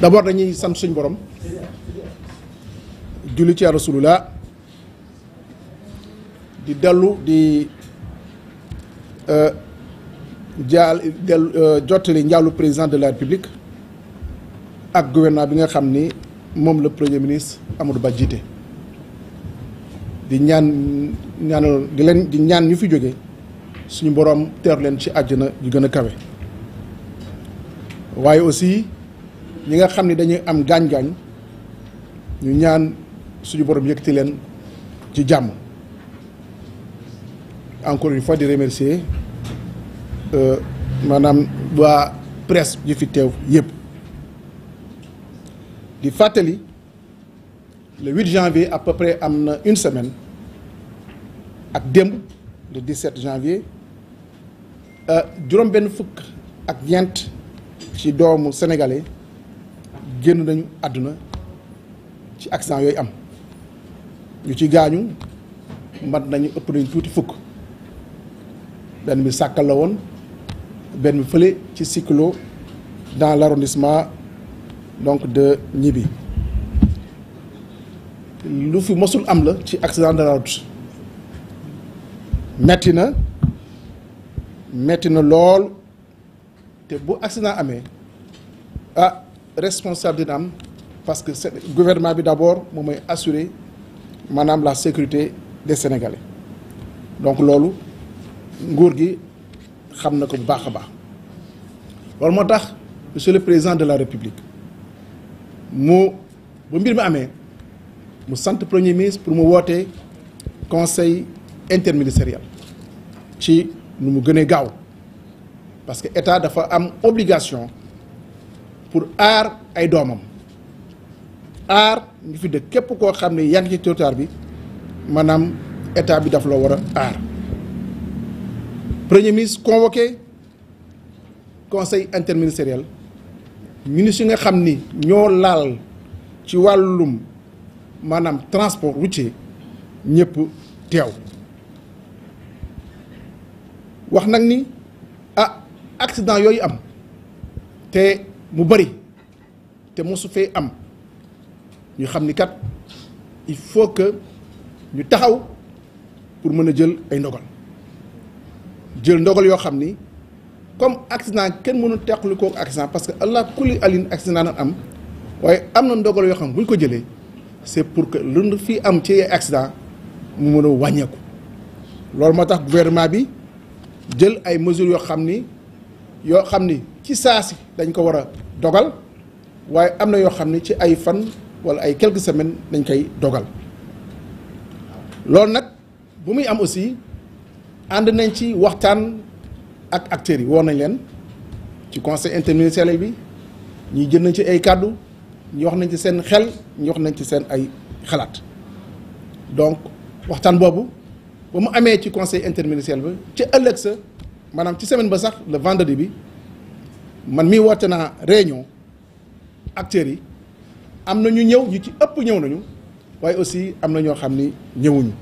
d'abord dañuy sant suñu borom julli ci rasulullah di dellu di euh, jaal dellu euh, jottali njaalu président de la république ak gouvernement bi nga xam ni moom la premier ministre amut Ba jiite di ñaan ñaanal di leen di ñaan ñu fi jóge suñu borom teer leen ci àjjana yu gën a kawe waaye aussi ñi nga xam ni dañuy am gaañ-gaañ ñu ñaan suñu borom yëkkati leen ci jàmm encore une fois di remercier euh, maanaam waa presse ñu fi teew yëpp di fàttali le 8 janvier à peu près am na une semaine ak démb le 17 janvier euh, juróom-benn fukk ak ñeent ci doomu sénégalais génn nañu àdduna ci accident yooyu am ñu ci gaañu mat nañu ëpp nañu tuuti fukk benn bi sàkkal la woon benn bi fële ci cyclo dans l' arrondissement donc de ñibbi lu fi mosul am la ci accident de la metti na metti na lool te bu accident amee ah, responsable dina am parce que gouvernement bi d'abord moo mooy assurer maanaam la sécurité des Sénégalais donc loolu nguur gi xam na ko bu baax a baax loolu moo tax monsieur le président de la république mu bu mbir mu amee mu sant premier ministre pour mu wootee conseil interministériel ci nu mu gën a gaaw parce que état dafa am obligation pour aar ay doomam aar ñu fi dëkk képp koo xam ne yaa ngi ci territoire bi maanaam état bi daf la war a aar premier ministre convoqué conseil interministériel ministre yi nga xam ni ñoo laal ci wàllum maanaam transport routier ñëpp teew wax nag ni ah accident yooyu am te mu bëri te mosu fee am ñu xam ni kat il faut que ñu taxaw pour mën a jël ay ndogal jël ndogal yoo xam ni comme accident kenn mënul teqlu koo accident parce que allah kulli alin accident na am waaye am na ndogal yoo xam bu ñu ko jëlee c'est pour que lu fii am ci accident mu mën a wàññeeku loolu moo tax gouvernement bi jël ay mesures yoo xam ni yoo xam ni ci saa si dañ ko war a dogal waaye am na yoo xam ne ci ay fan wala ay quelques semaines dañ koy dogal loolu nag bu muy am aussi ànd nañ ci waxtaan ak acteur yi woo nañ leen ci conseil interministériel bi ñuy jën nañ ci ay kàddu ñu wax nañ ci seen xel ñu wax nañ ci seen ay xalaat donc waxtaan boobu ba mu amee ci conseil interministériel bi ci ëllëg sa maanaam ci semaine ba sax le vendredi bi man mii woote naa réunion acteurs yi am na ñu ñëw ñu ci ëpp ñëw nañu waaye aussi am na ñoo xam ni ñëwuñu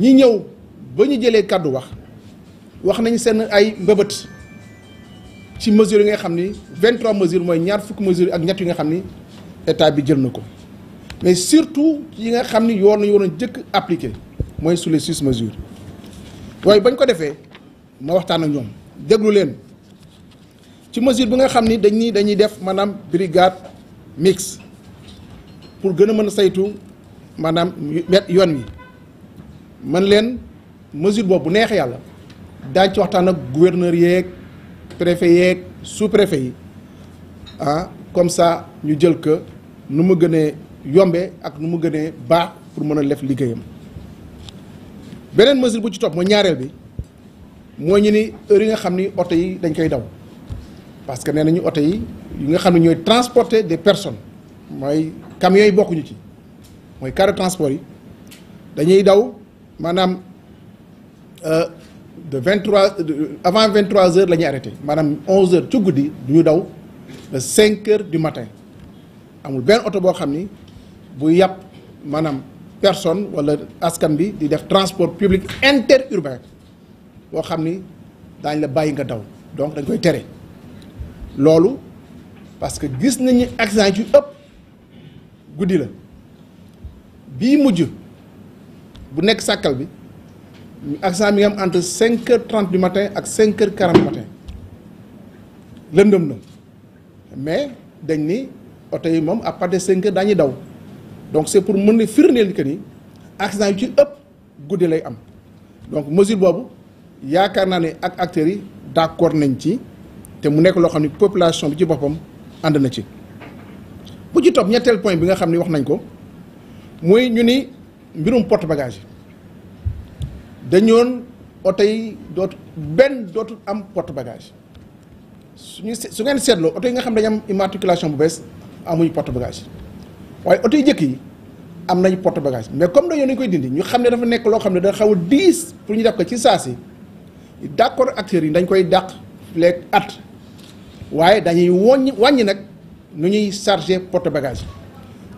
ñi ñëw ba ñu jëlee kàddu wax wax nañ seen ay mbëbët ci mesures yi nga xam ni 23 mesures mooy ñaar fukk mesures ak ñett yi nga xam ni état bi jël na ko mais surtout yi nga xam ni yoon nañu waroon jëkk appliqué mooy sur les six mesures waaye bañ ko defee ma waxtaan ak ñoom déglu leen. ci mesure bi nga xam ni dañuy dañuy def maanaam brigade mix pour gën a mën a saytu maanaam yoon wi man leen mesure boobu bu neex yàlla daañ ci waxtaan ak gouverneur yeeg préfet yeeg sous préfet yi ah comme ça ñu jël ko nu mu gënee yombe ak nu mu gën gënee baax pour mën a lef liggéeyam beneen mesure bu ci topp mooy ñaareel bi mooy ñu ni heure yi nga xam ni oto yi dañ koy daw parce que nee nañu oto yi yi nga xam ne ñooy transporter des personnes mooy camions yi bokkuñu ci mooy car transport yi dañuy daw maanaam euh, de vingt trois avant vingt trois la ñuy maanaam onze heures ci guddi du ñu daw ba cinq heures du matin amul benn oto boo xam ni bu yàpp maanaam personne walla askan bi di def transport public interurbain boo xam ni daañ la bàyyi nga daw donc dañ koy tere. loolu parce que gis nañu accident yu ëpp guddi la bi mujj bu nekk sàkkal bi accident mi ngi am entre cinq heures trente du matin ak cinq heures quarante du matin lëndëm na mais dañ ni oto yi moom à partir de cinq daañuy daw donc c'est pour mën a firndeel que ni accident yu ci ëpp guddi lay am donc mesure boobu yaakaar naa ne ak acteurs yi d'accord nañ ci te mu nekk loo xam ne population bi ci boppam ànd na ci bu ci topp ñetteel point bi nga xam ne wax nañ ko muy ñu ni mbirum porte bagage yi dañoon oto yi dootu benn dootul am porte bagage suñu su ngeen seetloo oto yi nga xam ne dañu am immatriculation bu bees amuñu porte bagage waaye oto yi jëkk yi am nañu port bagage mais comme dañoo dañ koy dindi ñu xam ne dafa nekk loo xam ne da xaw a diis pour ñu def ko ci saa si d'accord acteurs yi dañ koy dàq léegi at waaye dañuy wàññi wàññi nag nu ñuy chargé porte bagage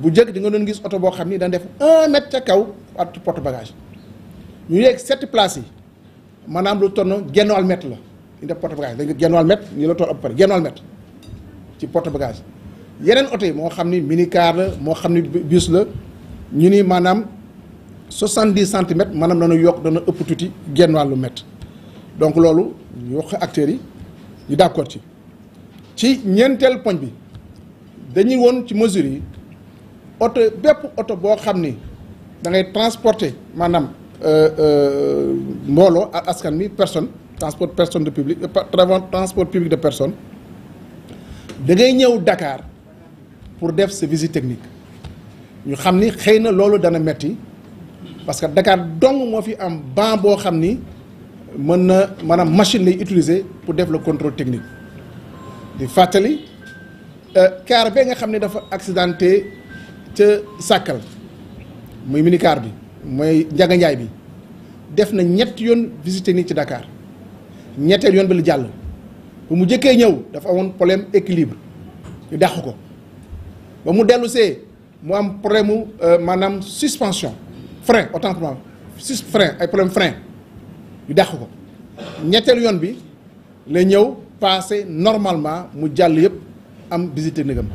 bu jëkk di nga doon gis oto boo xam ni dana def un mètre ca kaw at porte bagage ñu yeeg sept places yi maanaam lu tonn genn wàll mètre la ñu def porte bagage da nga genn wàll mètre ñu la toll ab pare genn wàll ci porte bagage yeneen oto yi moo xam ni mini car la moo xam ni bus la ñu ni maanaam soixante-dix centimètres maanaam dana yokk dana ëpp tuuti genn wàllu mètre donc loolu ñu wax acteurs yi ñu d'accord ci ci ñeenteel poñ bi dañuy woon ci mesure yi oto bépp oto boo xam ni da ngay transporter maanaam euh, euh, mbooloo askan mi personne transport personne de public euh, transport public de personne da ngay ñëw dakaar pour def sa visite technique ñu xam ni xëy na loolu dana metti parce que Dakar dong moo fi am ban boo xam ni mën na maanaam machine lay utiliser pour def le contrôle technique di fàttali euh, car ba nga xam ne dafa accidenté ca sàkkal muy mini car bi mooy Njaga bi def na ñett yoon visité nii ci Dakar ñetteel yoon bi la jàll bu mu jëkkee ñëw dafa amoon problème équilibre ñu dàq ko ba mu dellu see mu am problème mu euh, maanaam suspension frein autant pour moi sus frein ay problème frein ñu dàq ko ñetteel yoon bi la ñëw passé normalement mu jàll yëpp am visite technique am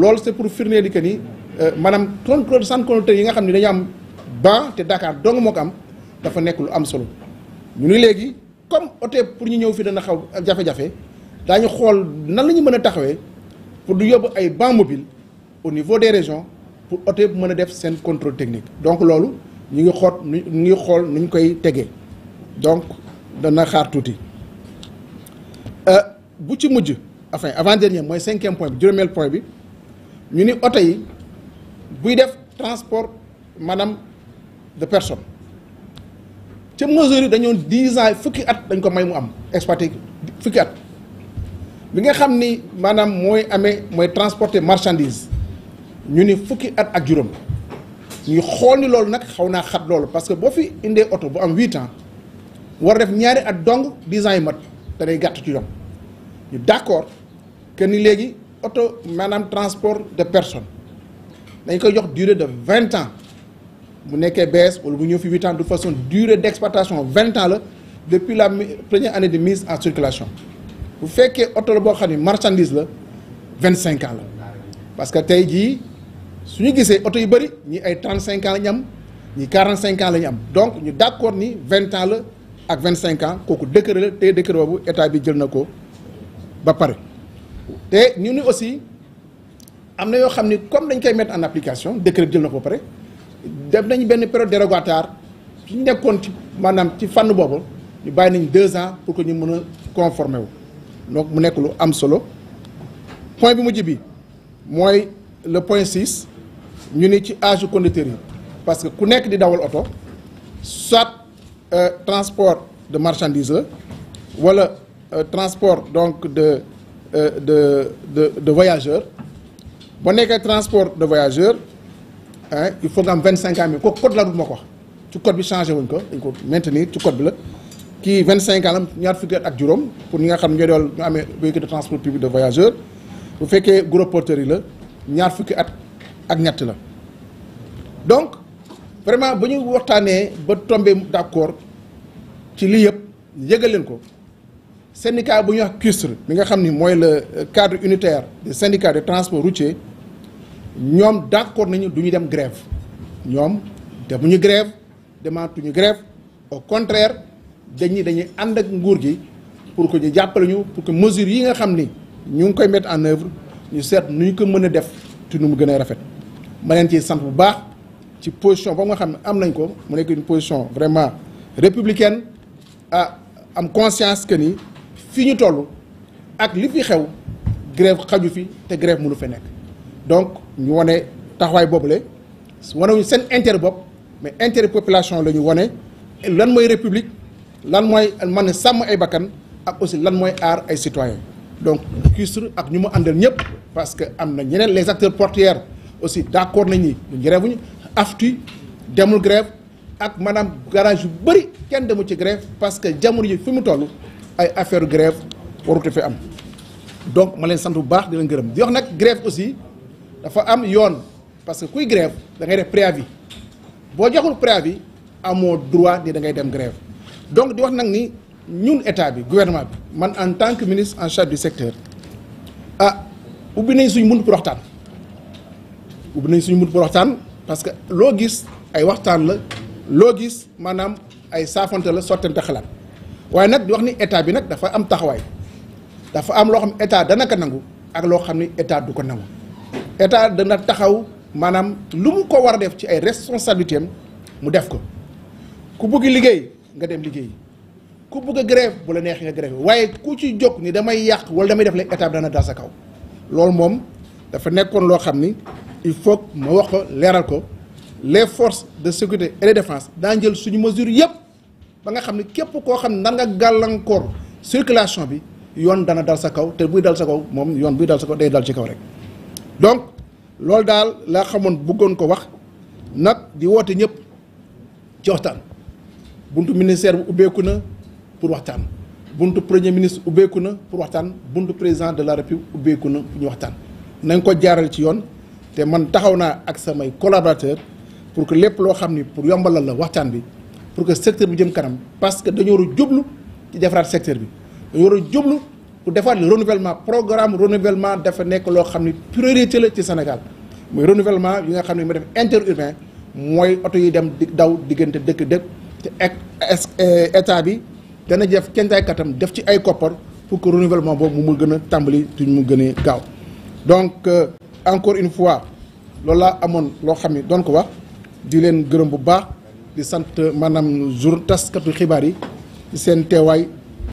loolu c'est pour firndeel di que ni euh, maanaam contrôle centre contrôle yi nga xam ni dañu am ban te Dakar dong moo ko am dafa nekk lu am solo ñu ni léegi comme oto pour ñu ñëw fii dana xaw jafe-jafe daañu xool nan la ñu mën a taxawee pour du yóbbu ay ban mobile au niveau des régions pour oto yëpp mën a def seen contrôle technique donc loolu ñu ngi xoot ñu ngi xool nu ñu koy tegee donc dana xaar tuuti Euh, bu ci mujj enfin avant dernier mooy cinquième point bi juróomeel point bi ñu ni oto yi buy def transport maanaam de personne ca mesure yi dañoo dix ans fukki at dañ ko may mu am exploité fukki at bi nga xam ni maanaam mooy amee mooy transporter marchandise ñu ni fukki at ak juróom ñu xool ni loolu nag xaw naa xat loolu parce que boo fi indee oto bu am huit ans war def ñaari at dong dix ans yi mat danay gàtt ci ñoom ñu d' accord que ni léegi oto maanaam transport de personnes dañ koy jox durée de vingt ans bu nekkee bees wala bu ñëw fi huit ans de façon durée d' vingt ans la depuis la première année de mise en circulation bu fekkee oto la boo xam ne marchandise la vingt cinq ans la parce que tey jii su ñu gisee oto yu bëri ñii ay trente cinq ans la ñu am ñi quarante cinq ans la ñu am donc ñu d' ni vingt ans la ak vingt cinq ans kooku décret la tey état bi jël na ko. ba pare te ñu ni aussi am na yoo xam ni comme dañ koy mettre en application décret jël na ko ba pare def nañ benn période dérogatoire ci ñu nekkoon ci maanaam ci fànn boobu ñu bàyyi nañ deux ans pour que ñu mën a conformer wu donc mu nekk lu am solo point bi mujj bi mooy le point six ñu ni ci âge conducteur parce que ku nekk di dawal oto soit euh, transport de marchandise la wala Euh, transport donc de euh, de de de voyageurs boo nekkee transport de voyageurs ah il faut nga am vingt cinq ans mais kooku code la du ma ko ci code bi changé wuñ ko dañ ko maintenir ci code bi la kii vingt cinq ans ñaar fukki at ak juróom pour ñi nga xam ñooy dool ñu amee véhicule de transport public de bu fekkee gros porteurs yi la ñaar fukki at ak ñett la donc vraiment ba ñu waxtaanee ba tombé d'accord ci lii yëpp yëgal leen ko. syndicat bu ñu wax CUSTR mi nga xam ni mooy le euh, cadre unitaire des syndicats de transport routier ñoom d'accord nañu du ñu dem grève ñoom demuñu grève demaatuñu grève au contraire dañuy dañuy ànd ak nguur gi pour que ñu jàppale ñu pour que mesures yi nga xam ni ñu ngi koy mettre en œuvre ñu seet nu ñu ko mën a def ci nu mu gën rafet ma leen ci sant bu baax ci position boobu nga xam ne am nañ ko mu nekk une position vraiment républicain ah am conscience que ni fi ñu toll ak li fi xew grève xaju fi te grève mënu fa nekk donc ñu wane taxawaay boobule wanewuñu seen intérêt bopp mais intérêt population la ñu wane lan mooy république lan mooy man sàmm ay bakkan ak aussi lan mooy aar ay citoyens donc CUSTRA ak ñu mu àndal ñëpp parce que am na ñeneen les acteurs portuaires aussi d' accord nañ ni ñu grève wuñu demul grève ak maanaam garage yu bëri kenn demul ci grève parce que jamono ji fi mu toll ay affaire grève warute fi am donc ma leen sant bu baax di leen gërëm di wax nag grève aussi dafa am yoon parce que kuy grève da ngay def préavis boo joxul bi amoo droit ni da ngay dem grève donc di wax nag ni ñun état bi gouvernement bi man en tant que ministre en charge du secteur ah ubbi nañ suñ mën pour waxtaan ubbi nañ suñ mën pour waxtaan parce que loo gis ay waxtaan la loo gis maanaam ay saafante la sottante xalaat waaye nag di wax ni état bi nag dafa am taxawaay dafa am loo xam état dana ko nangu ak loo xam ni état du ko nangu état dana taxaw maanaam lu mu ko war a def ci ay responsabilité mu def ko ku bëgg liggéey nga dem liggéey ku bëgg a grève bu la neexee nga grève waaye ku ci jóg ni damay yàq wala damay def la état bi dana dal sa kaw loolu moom dafa nekkoon loo xam ni il faut ma wax ko leeral ko les forces de sécurité et de défense daa jël suñu mesure yëpp ba nga xam ne képp koo xam ne nan nga gàllankoor circulation bi yoon dana dal sa kaw te buy dal sa kaw moom yoon buy dal sa kaw day dal ci kaw rek donc loolu daal laa xamoon bëggoon ko wax nag di woote ñëpp ci waxtaan buntu ministère bi ubbeeku na pour waxtaan buntu premier ministre ubbeeku na pour waxtaan buntu président de la république ubbeeku na pour ñu waxtaan nañ ko jaaral ci yoon te man taxaw naa ak samay collaborateur pour que lépp loo xam ni pour yombalal la waxtaan bi pour que secteur bi jëm kanam parce que dañoo war a jublu ci defaraat secteur bi dañoo war a jublu pour defaat le renouvellement programme renouvellement dafa nekk loo xam ne priorité la ci Sénégal mooy renouvellement yi nga xam ne mu def interurbain mooy oto yi dem daw diggante dëkk dëkk te ek eh, état bi dana def kentaay katam def ci ay koppar pour que renouvellement boobu mu mun gën a tàmbali te mu gën a gaaw donc euh, encore une fois loolu laa amoon loo xam ne doon ko bu baax. di sant maanaam jour taskatu xibaar yi seen teewaay